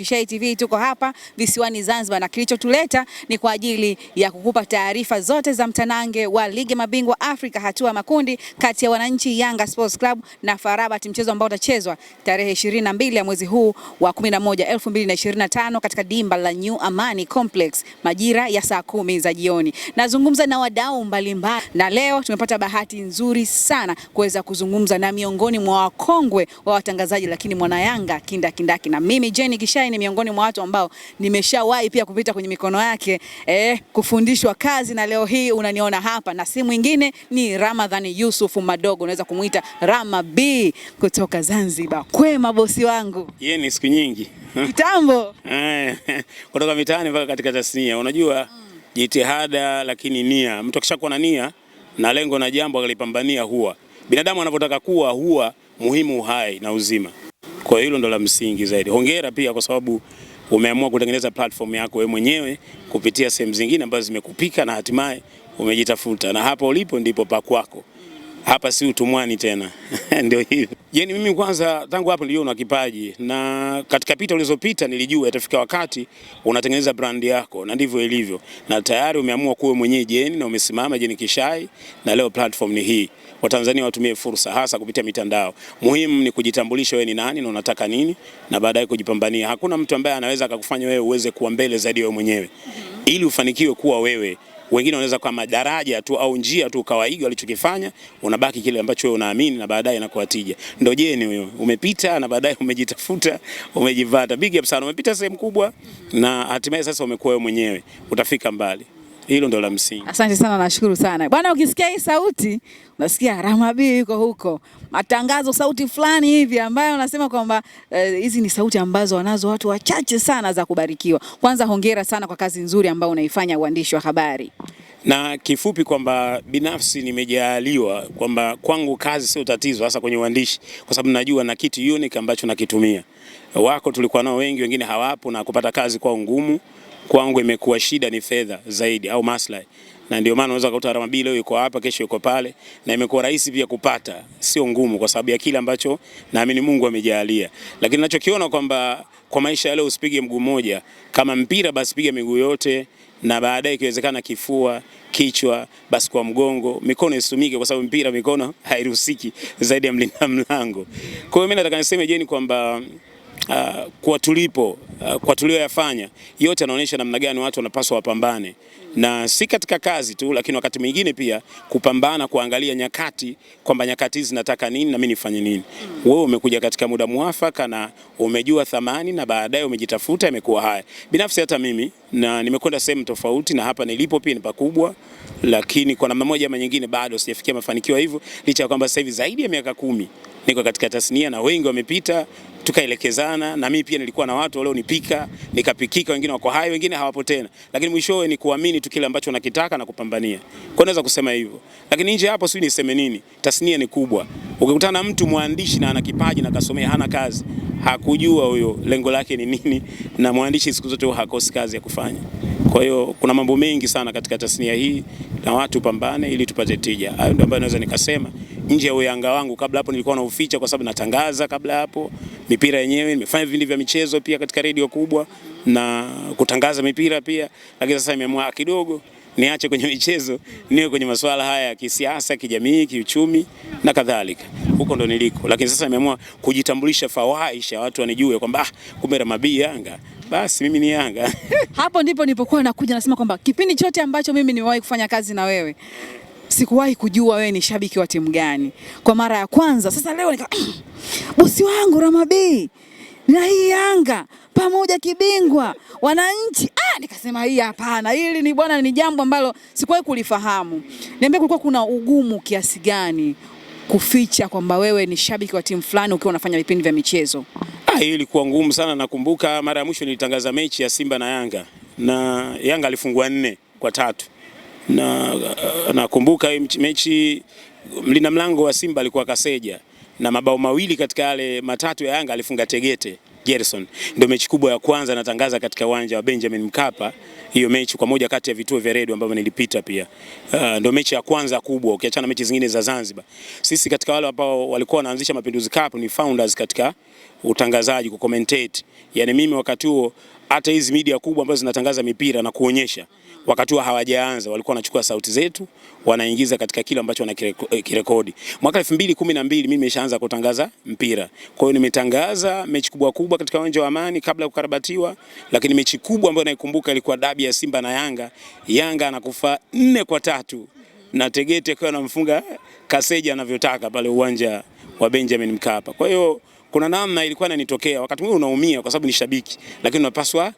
Kishai TV tuko hapa visiwani Zanzibar, na kilichotuleta ni kwa ajili ya kukupa taarifa zote za mtanange wa ligi mabingwa Afrika hatua makundi kati ya wananchi Yanga Sports Club na Farabat, mchezo ambao utachezwa tarehe 22 ya mwezi huu wa 11 2025 katika dimba la New Amani Complex majira ya saa kumi za jioni. Nazungumza na wadau mbalimbali, na leo tumepata bahati nzuri sana kuweza kuzungumza na miongoni mwa wakongwe wa watangazaji, lakini mwana Yanga kindakindaki na mimi Jenny Kishai ni miongoni mwa watu ambao nimeshawahi pia kupita kwenye mikono yake eh, kufundishwa kazi, na leo hii unaniona hapa na si mwingine ni ramadhan Yusuf Madogo, unaweza kumuita Rama B kutoka Zanzibar. Kwema bosi wangu, yeye ni siku nyingi kitambo eh, kutoka mitaani mpaka katika tasnia, unajua mm. jitihada lakini nia. Mtu akishakuwa na nia na lengo na jambo akalipambania, huwa binadamu anapotaka kuwa huwa muhimu uhai na uzima. Kwa hiyo hilo ndo la msingi zaidi. Hongera pia kwa sababu umeamua kutengeneza platform yako wewe mwenyewe kupitia sehemu zingine ambazo zimekupika na hatimaye umejitafuta, na hapo ulipo ndipo pa kwako hapa si utumwani tena ndio hivyo. Yaani mimi kwanza tangu hapo niliona kipaji, na katika pita ulizopita nilijua itafika wakati unatengeneza brandi yako, na ndivyo ilivyo, na tayari umeamua kuwa mwenyewe jeni na umesimama jeni kishai, na leo platform ni hii. Watanzania watumie fursa, hasa kupitia mitandao. Muhimu ni kujitambulisha wewe ni nani na unataka nini, na baadaye kujipambania. Hakuna mtu ambaye anaweza akakufanya wewe uweze kuwa mbele zaidi wewe mwenyewe, ili ufanikiwe kuwa wewe wengine wanaweza kwa madaraja tu au njia tu ukawaiga walichokifanya, unabaki kile ambacho wewe unaamini na baadaye inakuwa tija. Ndio jeni huyo, umepita na baadaye umejitafuta, umejivata. Big up sana, umepita sehemu kubwa na hatimaye sasa umekuwa wewe mwenyewe, utafika mbali. Hilo ndo la msingi. Asante sana, nashukuru sana bwana. Ukisikia hii sauti unasikia Rahma B yuko huko, matangazo sauti fulani hivi ambayo unasema kwamba eh, hizi eh, ni sauti ambazo wanazo watu wachache sana za kubarikiwa. Kwanza hongera sana kwa kazi nzuri ambayo unaifanya uandishi wa habari, na kifupi kwamba binafsi nimejaaliwa kwamba kwangu kazi sio tatizo, hasa kwenye uandishi, kwa sababu najua na kitu unique ambacho nakitumia wako tulikuwa nao wengi, wengine hawapo na kupata kazi kwa ngumu. Kwangu imekuwa shida ni fedha zaidi au maslahi, na ndio maana unaweza kukuta Ramabili leo yuko hapa, kesho yuko pale, na imekuwa rahisi pia kupata, sio ngumu, kwa sababu ya kile ambacho naamini Mungu amejalia. Lakini ninachokiona kwamba kwa maisha ya leo usipige mguu mmoja, kama mpira basi piga miguu yote, na baadaye ikiwezekana kifua kichwa basi kwa mgongo, mikono isitumike, kwa sababu mpira mikono hairuhusiki zaidi ya mlinda mlango. Kwa hiyo mimi nataka niseme jeni kwamba uh, kwa tulipo uh, kwa tulioyafanya yote yanaonyesha namna gani watu wanapaswa wapambane, na si katika kazi tu, lakini wakati mwingine pia kupambana, kuangalia nyakati kwamba nyakati hizi nataka nini na mimi nifanye nini. Wewe umekuja katika muda mwafaka na umejua thamani na baadaye umejitafuta, imekuwa haya. Binafsi hata mimi na nimekwenda sehemu tofauti, na hapa nilipo pia ni pakubwa, lakini kwa namna moja ama nyingine bado sijafikia mafanikio hivyo, licha ya kwamba sasa hivi zaidi ya miaka kumi niko katika tasnia na wengi wamepita tukaelekezana na mimi pia nilikuwa na watu nipika nikapikika, wengine wako hai, wengine hawapo tena, lakini mwishowe ni kuamini tu kile ambacho nakitaka na kupambania. Kwa naweza kusema hivyo, lakini nje hapo sio niseme nini. Tasnia ni kubwa, ukikutana na mtu mwandishi na ana kipaji na kasomea, hana kazi, hakujua huyo lengo lake ni nini, na mwandishi siku zote hakosi kazi ya kufanya. Kwa hiyo kuna mambo mengi sana katika tasnia hii, na watu pambane ili tupate tija. Hayo ndio ambayo naweza nikasema nje ya uyanga wangu. Kabla hapo nilikuwa nauficha kwa sababu natangaza kabla hapo mipira yenyewe, nimefanya vipindi vya michezo pia katika redio kubwa na kutangaza mipira pia, lakini sasa nimeamua ah, kidogo niache kwenye michezo niwe kwenye masuala haya ya kisiasa, kijamii, kiuchumi na kadhalika. Huko ndo niliko, lakini sasa nimeamua kujitambulisha fawaisha watu wanijue kwamba ah, kumbe Ramabii Yanga, basi mimi ni Yanga. Hapo ndipo nilipokuwa nakuja nasema kwamba kipindi chote ambacho mimi niwahi kufanya kazi na wewe sikuwahi kujua wewe ni shabiki wa timu gani kwa mara ya kwanza. Sasa leo nika bosi wangu Ramabey na hii Yanga pamoja kibingwa wananchi. Ah, nikasema hii hapana, hili ni bwana, ni jambo ambalo sikuwahi kulifahamu. Niambia, kulikuwa kuna ugumu kiasi gani kuficha kwamba wewe ni shabiki wa timu fulani ukiwa unafanya vipindi vya michezo? Ah, hii ilikuwa ngumu sana. Nakumbuka mara ya mwisho nilitangaza mechi ya Simba na Yanga na Yanga alifungua nne kwa tatu na eh, nakumbuka hii mechi mlina mlango wa Simba alikuwa Kaseja na mabao mawili katika yale matatu ya Yanga alifunga Tegete Gerson. Ndio mechi kubwa ya kwanza natangaza katika uwanja wa Benjamin Mkapa, hiyo mechi kwa moja kati ya vituo vya redio ambavyo nilipita pia. Uh, ndio mechi ya kwanza kubwa ukiachana mechi zingine za Zanzibar. Sisi katika wale ambao walikuwa wanaanzisha Mapinduzi Cup ni founders katika utangazaji ku commentate. Yaani mimi wakati huo hata hizi media kubwa ambazo zinatangaza mipira na kuonyesha wakati wa hawajaanza walikuwa wanachukua sauti zetu wanaingiza katika kile ambacho wanakirekodi. Eh, Mwaka 2012 mimi nimeshaanza kutangaza mpira, kwa hiyo nimetangaza mechi kubwa kubwa katika uwanja wa Amani kabla ya kukarabatiwa, lakini mechi kubwa ambayo naikumbuka ilikuwa dabi ya Simba na Yanga. Yanga anakufa nne kwa tatu na Tegete akiwa anamfunga Kaseja anavyotaka pale uwanja wa Benjamin Mkapa, kwa hiyo kuna namna ilikuwa inanitokea. Wakati mwingine unaumia kwa sababu ni shabiki, lakini unapaswa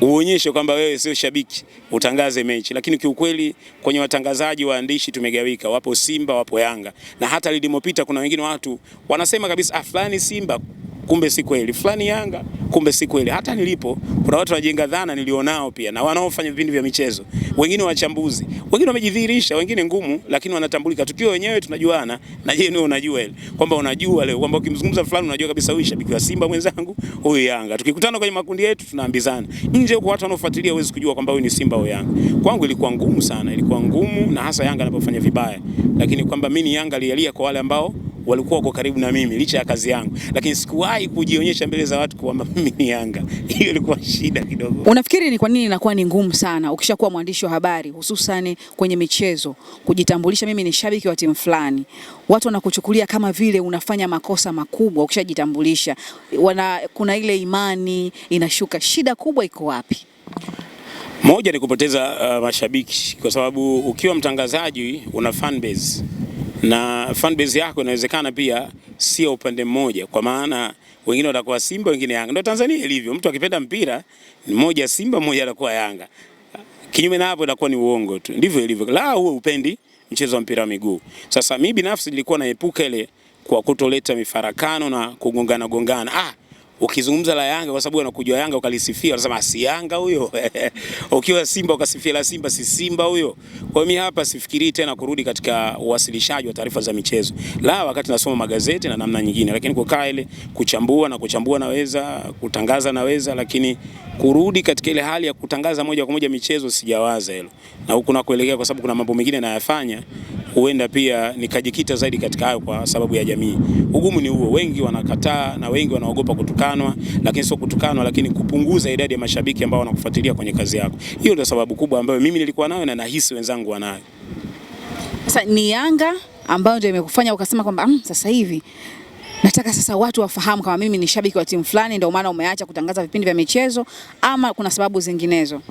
uonyeshe kwamba wewe sio shabiki, utangaze mechi. Lakini kiukweli kwenye watangazaji waandishi tumegawika, wapo Simba, wapo Yanga, na hata lilimopita kuna wengine watu wanasema kabisa, ah, fulani Simba kumbe si kweli, fulani Yanga, kumbe si kweli. Hata nilipo kuna watu wanajenga dhana nilionao pia na wanaofanya vipindi vya michezo, wengine wachambuzi, wengine wamejidhihirisha, wengine ngumu, lakini wanatambulika. Tukio wenyewe tunajuana na yeye ni unajua ile kwamba unajua leo kwamba ukimzungumza fulani unajua kabisa huyu shabiki wa Simba mwenzangu, huyu Yanga. Tukikutana kwenye makundi yetu tunaambizana. Nje huko watu wanaofuatilia huwezi kujua kwamba huyu ni Simba au Yanga. Kwangu ilikuwa ngumu sana, ilikuwa ngumu na hasa Yanga anapofanya vibaya, lakini kwamba mimi ni Yanga lialia kwa wale ambao walikuwa wako karibu na mimi licha ya kazi yangu, lakini sikuwahi kujionyesha mbele za watu kwamba mimi ni Yanga. Hiyo ilikuwa shida kidogo. Unafikiri ni kwa nini inakuwa ni ngumu sana ukishakuwa mwandishi wa habari, hususan kwenye michezo, kujitambulisha mimi ni shabiki wa timu fulani? Watu wanakuchukulia kama vile unafanya makosa makubwa ukishajitambulisha. Wana, kuna ile imani inashuka. Shida kubwa iko wapi? Moja ni kupoteza uh, mashabiki kwa sababu ukiwa mtangazaji una fan base na fan base yako inawezekana pia sio upande mmoja, kwa maana wengine watakuwa Simba wengine Yanga. Ndio Tanzania ilivyo, mtu akipenda mpira mmoja Simba mmoja atakuwa Yanga, kinyume na hapo itakuwa ni uongo tu. Ndivyo ilivyo, la uwe upendi mchezo wa mpira wa miguu. Sasa mimi binafsi nilikuwa naepuka ile kwa kutoleta mifarakano na kugongana gongana ah ukizungumza la Yanga kwa sababu anakujua Yanga ukalisifia, unasema si Yanga huyo ukiwa Simba ukasifia la Simba, si Simba huyo. Kwa mimi hapa sifikirii tena kurudi katika uwasilishaji wa taarifa za michezo, la wakati nasoma magazeti na namna nyingine, lakini kukaa ile kuchambua na kuchambua, naweza kutangaza, naweza lakini kurudi katika ile hali ya kutangaza moja kwa moja michezo sijawaza hilo, na huku na kuelekea, kwa sababu kuna mambo mengine nayafanya huenda pia nikajikita zaidi katika hayo kwa sababu ya jamii. Ugumu ni huo, wengi wanakataa na wengi wanaogopa kutukanwa, lakini sio kutukanwa, lakini kupunguza idadi ya mashabiki ambao wanakufuatilia kwenye kazi yako. Hiyo ndio sababu kubwa ambayo mimi nilikuwa nayo na nahisi wenzangu wanayo. Sasa ni Yanga ambayo ndio imekufanya ukasema kwamba mm, sasa hivi nataka sasa watu wafahamu kama mimi ni shabiki wa timu fulani, ndio maana umeacha kutangaza vipindi vya michezo, ama kuna sababu zinginezo?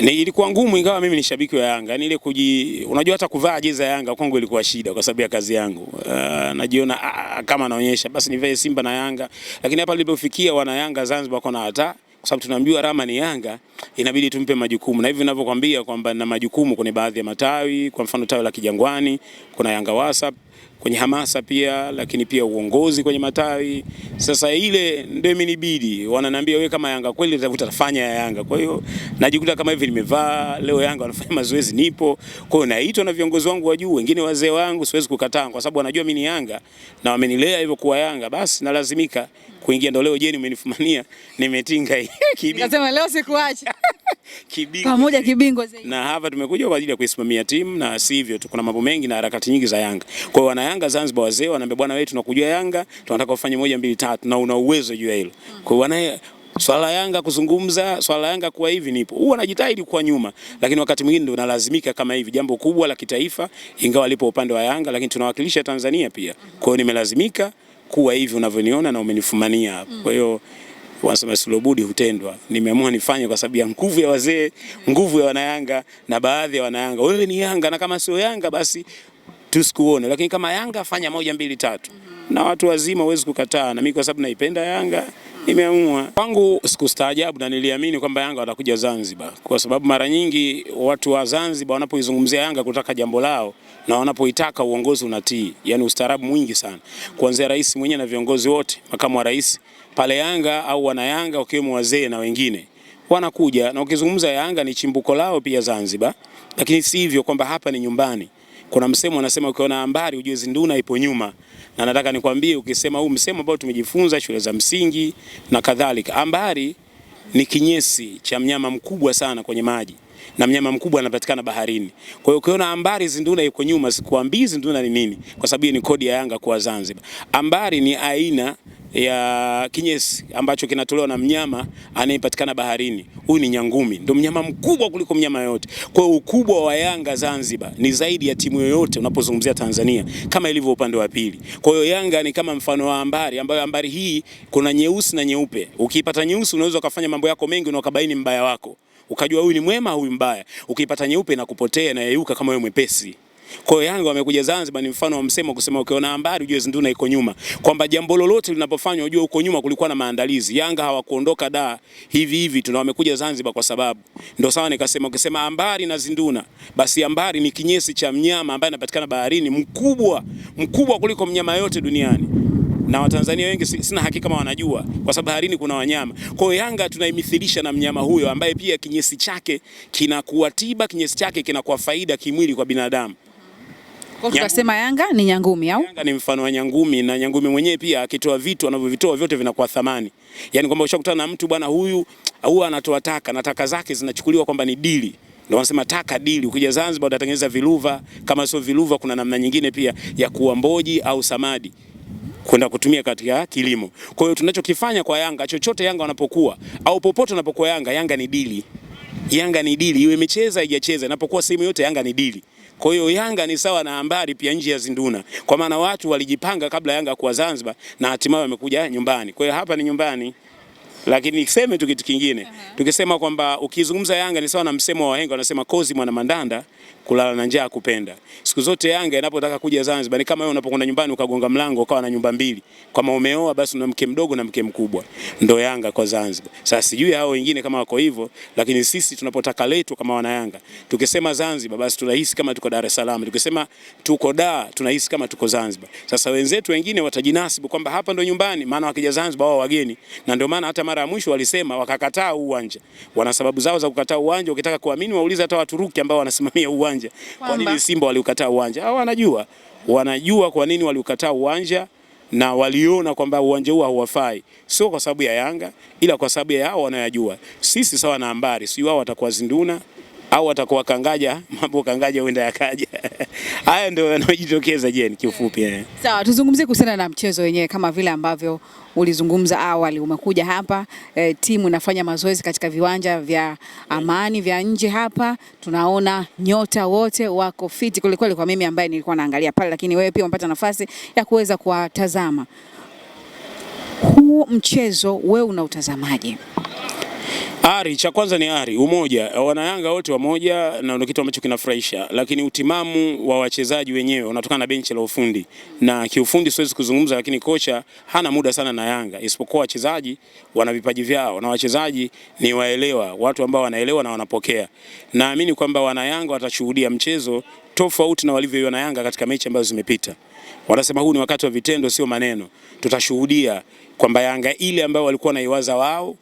Ni ilikuwa ngumu ingawa mimi ni shabiki wa Yanga. Yaani ile kuji unajua hata kuvaa jezi ya Yanga kwangu ilikuwa shida kwa sababu ya kazi yangu. Uh, najiona uh, kama naonyesha basi nivae Simba na Yanga. Lakini hapa nilipofikia wana Yanga Zanzibar kwa na hata kwa sababu tunaambiwa Rama ni Yanga, inabidi tumpe majukumu. Na hivi ninavyokuambia kwamba na majukumu kwenye baadhi ya matawi, kwa mfano tawi la Kijangwani kuna Yanga WhatsApp kwenye hamasa pia, lakini pia uongozi kwenye matawi. Sasa ile ndio imenibidi, wananiambia wewe kama Yanga kweli utavuta, tafanya ya Yanga. Kwa hiyo najikuta kama hivi nimevaa leo, Yanga wanafanya mazoezi, nipo. Kwa hiyo naitwa na viongozi wangu wa juu, wengine wazee wangu, siwezi kukataa kwa sababu wanajua mimi ni Yanga na wamenilea hivyo kuwa Yanga, basi nalazimika kuingia. Ndio leo jeni umenifumania, nimetinga hii. kibi, nasema leo sikuacha kibingo pamoja kibingo zaidi. Na hapa tumekuja kwa ajili ya kuisimamia timu na sivyo tu, kuna mambo mengi na harakati nyingi za Yanga. Kwa hiyo wana Yanga Zanzibar wazee wanaambia, bwana wewe, tunakujua Yanga, tunataka ufanye moja mbili tatu, na una uwezo juu ya hilo. Mm. Kwa hiyo wana swala Yanga kuzungumza, swala Yanga kuwa hivi, nipo huwa anajitahidi kwa nyuma, lakini wakati mwingine ndio nalazimika kama hivi, jambo kubwa la kitaifa, ingawa lipo upande wa Yanga, lakini tunawakilisha Tanzania pia. Mm-hmm. Kwa hiyo nimelazimika kuwa hivi unavyoniona na umenifumania hapa, mm. kwa hiyo mm wanasema silobudi hutendwa. Nimeamua nifanye kwa sababu ya nguvu ya wazee, nguvu ya wanayanga na baadhi ya wanayanga. Wewe ni Yanga na kama sio Yanga basi tusikuone, lakini kama Yanga fanya moja mbili tatu, na watu wazima huwezi kukataa. Na mimi kwa sababu naipenda Yanga nimeamua kwangu, sikustaajabu na niliamini kwamba Yanga watakuja Zanzibar, kwa sababu mara nyingi watu wa Zanzibar wanapoizungumzia Yanga kutaka jambo lao na wanapoitaka uongozi unatii, yani ustaarabu mwingi sana, kuanzia rais mwenyewe na viongozi wote, makamu wa rais pale Yanga au wana Yanga wakiwemo wazee na wengine wanakuja, na ukizungumza Yanga ni chimbuko lao pia Zanzibar, lakini si hivyo kwamba hapa ni nyumbani. Kuna msemo anasema ukiona ambari ujue zinduna ipo nyuma, na nataka nikwambie, ukisema huu msemo ambao tumejifunza shule za msingi na kadhalika, ambari ni kinyesi cha mnyama mkubwa sana kwenye maji na mnyama mkubwa anapatikana baharini. Kwa hiyo ukiona ambari zinduna iko nyuma, sikuambii zinduna ni nini, kwa sababu ni kodi ya Yanga kwa Zanzibar. Ambari ni aina ya kinyesi ambacho kinatolewa na mnyama anayepatikana baharini. Huyu ni nyangumi, ndio mnyama mkubwa kuliko mnyama yote. Kwa hiyo ukubwa wa Yanga Zanzibar ni zaidi ya timu yoyote unapozungumzia Tanzania, kama ilivyo upande wa pili. Kwa hiyo Yanga ni kama mfano wa ambari, ambayo ambari hii kuna nyeusi na nyeupe. Ukiipata nyeusi unaweza ukafanya mambo yako mengi na ukabaini mbaya wako ukajua huyu ni mwema, huyu mbaya. Ukiipata nyeupe inakupotea na yeyuka kama wewe mwepesi. Kwa hiyo Yanga wamekuja Zanzibar ni mfano wa msemo kusema ukiona habari ujue Zinduna iko nyuma, kwamba jambo lolote linapofanywa ujue uko nyuma kulikuwa na maandalizi. Yanga hawakuondoka da hivi hivi, tuna wamekuja Zanzibar kwa sababu ndio sawa. Nikasema ukisema Ambari na Zinduna, basi Ambari ni kinyesi cha mnyama ambaye anapatikana baharini, mkubwa mkubwa kuliko mnyama yote duniani na Watanzania wengi sina hakika kama wanajua, kwa sababu baharini kuna wanyama. Kwa hiyo Yanga tunaimithilisha na mnyama huyo ambaye pia kinyesi chake kinakuwa tiba, kinyesi chake kinakuwa faida kimwili kwa binadamu tukasema Yanga ni nyangumi au? Yanga ni mfano wa nyangumi, na nyangumi mwenyewe pia akitoa vitu anavyovitoa vyote vinakuwa thamani, yaani kwamba ushakutana na mtu bwana, huyu au anatoa taka na taka zake zinachukuliwa kwamba ni dili ndio wanasema taka dili. Ukija Zanzibar utatengeneza viluva, kama sio viluva, kuna namna nyingine pia ya kuwa mboji au samadi kwenda kutumia katika kilimo. Kwa hiyo tunachokifanya kwa Yanga, chochote Yanga wanapokuwa au popote wanapokuwa Yanga, Yanga ni dili, Yanga ni dili, iwe imecheza haijacheza, inapokuwa sehemu yote Yanga ni dili. Kwa hiyo Yanga ni sawa na ambari pia nje ya Zinduna, kwa maana watu walijipanga kabla Yanga kuwa Zanzibar na hatimaye wamekuja nyumbani. Kwa hiyo hapa ni nyumbani, lakini niseme tu kitu kingine, tukisema kwamba ukizungumza Yanga ni sawa na msemo wa wahenga wanasema kozi mwana mandanda kulala na njaa kupenda. Siku zote Yanga inapotaka kuja Zanzibar ni kama wewe unapokwenda nyumbani ukagonga mlango ukawa na nyumba mbili. Kama umeoa basi una mke mdogo na mke mkubwa. Ndio Yanga kwa Zanzibar. Sasa sijui hao wengine kama wako hivyo, lakini sisi tunapotaka letu kama wana Yanga. Tukisema Zanzibar basi tunahisi kama tuko Dar es Salaam. Tukisema tuko da, tunahisi kama tuko Zanzibar. Sasa wenzetu wengine watajinasibu kwamba hapa ndio nyumbani, maana wakija Zanzibar wao wageni. Na ndio maana hata mara ya mwisho walisema wakakataa uwanja. Wana sababu zao za kukataa uwanja, ukitaka kuamini wauliza hata Waturuki ambao wanasimamia uwanja uwanja. Kwa nini Simba waliukataa uwanja? Hao wanajua, wanajua kwa nini waliukataa uwanja na waliona kwamba uwanja huu hauwafai, sio kwa sababu ya Yanga, ila kwa sababu ya hao wanayajua. Sisi sawa na ambari, sio wao watakuwa zinduna au atakuwa kangaja, mambo kangaja huenda yakaja. Haya ndio yanayojitokeza jeni, kiufupi yeah. Sawa, tuzungumzie kuhusiana na mchezo wenyewe kama vile ambavyo ulizungumza awali, umekuja hapa e, timu inafanya mazoezi katika viwanja vya Amani vya nje hapa. Tunaona nyota wote wako fiti kwelikweli, kwa mimi ambaye nilikuwa naangalia pale, lakini wewe pia umepata nafasi ya kuweza kuwatazama huu mchezo, wewe unautazamaje? Ari cha kwanza ni ari, umoja. Wanayanga wote wamoja, na ndio kitu ambacho kinafurahisha, lakini utimamu wa wachezaji wenyewe unatokana na benchi la ufundi na kiufundi, siwezi kuzungumza, lakini kocha hana muda sana na Yanga, isipokuwa wachezaji wana vipaji vyao, na wachezaji ni waelewa, watu ambao wanaelewa na wanapokea. Naamini kwamba wanayanga watashuhudia mchezo tofauti na walivyoiona Yanga katika mechi ambazo zimepita. Wanasema huu ni wakati wa vitendo, sio maneno. Tutashuhudia kwamba Yanga ile ambayo walikuwa naiwaza wao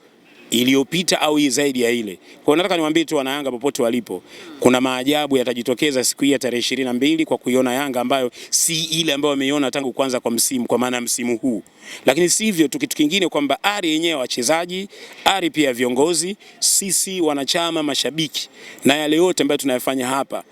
iliyopita au hii zaidi ya ile. Kwa nataka niwaambie tu wana Yanga popote walipo, kuna maajabu yatajitokeza siku hii ya tarehe ishirini na mbili kwa kuiona Yanga ambayo si ile ambayo wameiona tangu kwanza kwa msimu, kwa maana ya msimu huu. Lakini sivyo tu, kitu kingine kwamba ari yenyewe wachezaji, ari pia viongozi, sisi wanachama, mashabiki na yale yote ambayo tunayafanya hapa,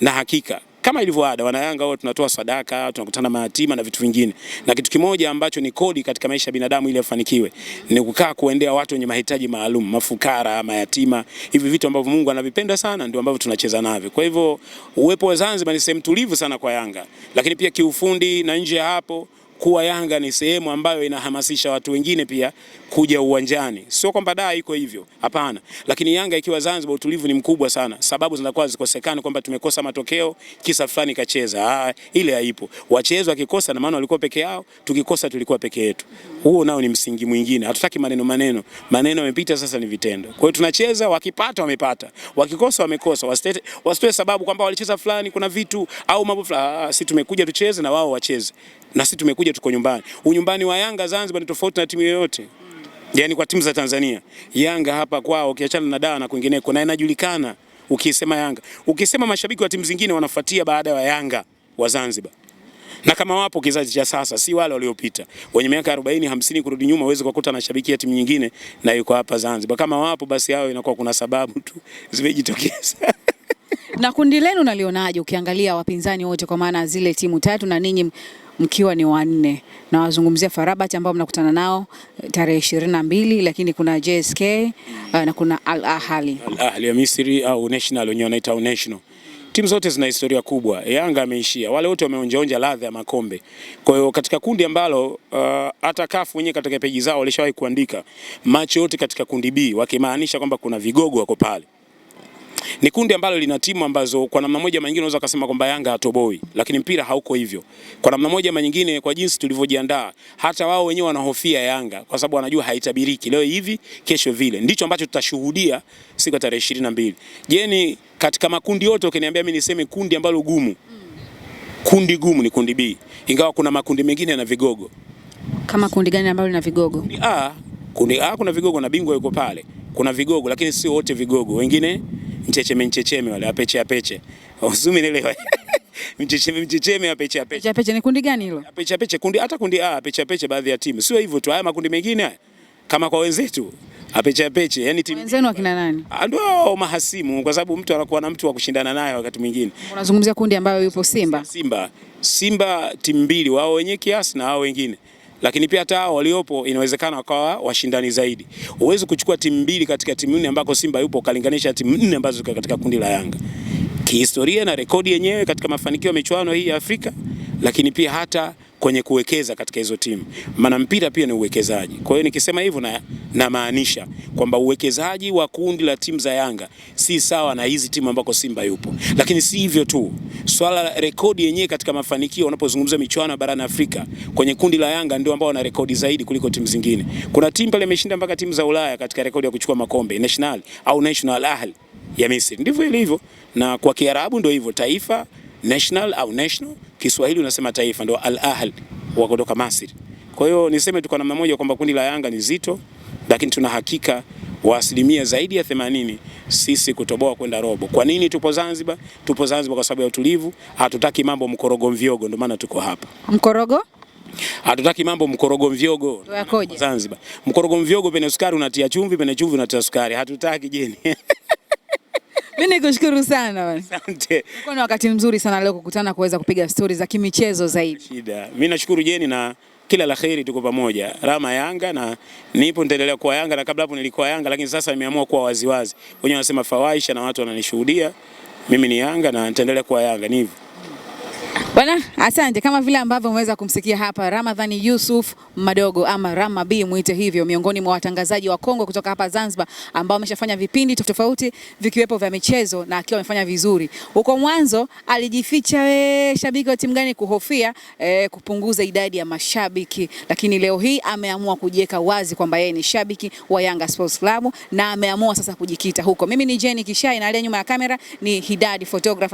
na hakika kama ilivyo ada, yanga wao tunatoa sadaka, tunakutana mayatima na vitu vingine, na kitu kimoja ambacho ni kodi katika maisha ya binadamu ili afanikiwe ni kukaa kuendea watu wenye mahitaji maalum, mafukara, mayatima, hivi vitu ambavyo Mungu anavipenda sana, ndio ambavyo tunacheza navyo. Kwa hivyo uwepo wa Zanzibar ni sehemu tulivu sana kwa Yanga, lakini pia kiufundi na nje ya hapo kuwa Yanga ni sehemu ambayo inahamasisha watu wengine pia kuja uwanjani. Sio kwamba daa iko hivyo, hapana, lakini Yanga ikiwa Zanzibar utulivu ni mkubwa sana. Sababu zinakuwa zikosekana kwamba tumekosa matokeo kisa fulani kacheza. Ah, ile haipo. Wachezo wakikosa na maana walikuwa peke yao, tukikosa tulikuwa peke yetu. Huo nao ni msingi mwingine. Hatutaki maneno maneno. Maneno yamepita, sasa ni vitendo. Kwa hiyo tunacheza, wakipata wamepata, wakikosa wamekosa. Wasitoe sababu kwamba walicheza fulani kuna vitu au mambo fulani. Ah, si tumekuja tucheze na wao wacheze na sisi tumekuja, tuko nyumbani. Unyumbani wa Yanga Zanzibar ni tofauti na timu yoyote yaani kwa timu za Tanzania Yanga hapa kwao, ukiachana na dawa na kwingineko, na inajulikana. Ukisema Yanga, ukisema mashabiki wa timu zingine wanafuatia baada ya Yanga wa Zanzibar, na kama wapo kizazi cha sasa, si wale waliopita, wenye miaka 40 50 kurudi nyuma, uweze kukuta na shabiki ya timu nyingine na yuko hapa Zanzibar. Kama wapo basi, hao inakuwa kuna sababu tu zimejitokeza. na kundi lenu nalionaje, ukiangalia wapinzani wote, kwa maana zile timu tatu na ninyi mkiwa ni wanne. Nawazungumzia Farabat ambao mnakutana nao eh, tarehe ishirini na mbili, lakini kuna JSK eh, na kuna Al Ahli. Al Ahli ya Misri au National wenyewe wanaita National. Timu zote zina historia kubwa. Yanga ameishia, wale wote wameonjaonja ladha ya makombe. Kwa hiyo katika kundi ambalo eh, hata uh, kafu wenyewe katika peji zao walishawahi kuandika macho yote katika kundi B, wakimaanisha kwamba kuna vigogo wako pale. Ni kundi ambalo lina timu ambazo kwa namna moja nyingine unaweza kusema kwamba Yanga hatoboi, lakini mpira hauko hivyo. Kwa namna moja nyingine, kwa jinsi tulivyojiandaa, hata wao wenyewe wanahofia Yanga kwa sababu wanajua haitabiriki, leo hivi kesho vile. Ndicho ambacho tutashuhudia siku ya tarehe ishirini Je, ni katika makundi yote ukiniambia mimi niseme kundi ambalo gumu, kundi gumu ni kundi B, ingawa kuna makundi mengine yana vigogo. Kama kundi gani ambalo lina vigogo? Kundi A, kundi A kuna vigogo na bingwa yuko pale, kuna vigogo lakini sio wote vigogo, wengine mchecheme mchecheme wale apeche apeche usumi nielewa mchecheme mchecheme apeche apeche apeche ni kundi gani hilo? Apeche apeche kundi hata kundi A ah, apeche apeche, baadhi ya timu sio hivyo tu, haya makundi mengine haya kama kwa wenzetu apeche apeche, yani timu wenzenu akina nani? Ah, ndio mahasimu, kwa sababu mtu anakuwa na mtu wa kushindana naye wakati mwingine. Unazungumzia kundi ambayo yupo Simba, Simba, Simba timu mbili, wao wenye kiasi na wao wengine lakini pia hata waliopo inawezekana wakawa washindani zaidi. Huwezi kuchukua timu mbili katika timu nne ambako Simba yupo ukalinganisha timu nne ambazo ziko katika kundi la Yanga, kihistoria na rekodi yenyewe katika mafanikio ya michuano hii ya Afrika, lakini pia hata kwenye kuwekeza katika hizo timu, maana mpira pia ni uwekezaji. Kwa hiyo nikisema hivyo na namaanisha kwamba uwekezaji wa kundi la timu za Yanga si sawa na hizi timu ambako Simba yupo. Lakini si hivyo tu, swala la rekodi yenyewe katika mafanikio, unapozungumza michuano ya barani Afrika, kwenye kundi la Yanga ndio ambao wana rekodi zaidi kuliko timu zingine. Kuna timu pale imeshinda mpaka timu za Ulaya katika rekodi ya kuchukua makombe national au National Ahli ya Misri, ndivyo ilivyo, na kwa Kiarabu ndio hivyo, taifa national au national Kiswahili unasema taifa ndo Al Ahli wa kutoka Masri. Kwa hiyo niseme tu kwa namna moja kwamba kundi la Yanga ni zito, lakini tuna hakika wa asilimia zaidi ya themanini sisi kutoboa kwenda robo. Kwa nini tupo Zanzibar? Tupo Zanzibar kwa sababu ya utulivu, hatutaki mambo mkorogo mvyogo, ndio maana tuko hapa. Mkorogo? Hatutaki mambo mkorogo mvyogo. Zanzibar. Mkorogo mvyogo pene sukari unatia chumvi, pene chumvi unatia sukari. Hatutaki jeni. Mimi nikushukuru sana bwana. Asante. Ulikuwa na wakati mzuri sana leo kukutana kuweza kupiga stori za kimichezo zaidi. Shida. Mimi nashukuru Jeni na kila la kheri, tuko pamoja. Rama Yanga na nipo nitaendelea kuwa Yanga na kabla hapo nilikuwa Yanga, lakini sasa nimeamua kuwa waziwazi. Wenyewe wanasema fawaisha na watu wananishuhudia. Mimi ni Yanga na nitaendelea kuwa Yanga, ni hivyo. Bwana, asante. Kama vile ambavyo umeweza kumsikia hapa Ramadhani Yusuf Madogo ama Rama B muite hivyo, miongoni mwa watangazaji wa Kongo kutoka hapa Zanzibar ambao ameshafanya vipindi tofauti vikiwepo vya michezo na akiwa amefanya vizuri. Huko mwanzo alijificha e, shabiki wa timu gani kuhofia e, kupunguza idadi ya mashabiki, lakini leo hii ameamua kujiweka wazi kwamba yeye ni shabiki wa Yanga Sports Club na ameamua sasa kujikita huko. Mimi ni Jenny Kishai na aliye nyuma ya kamera ni Hidadi photographer.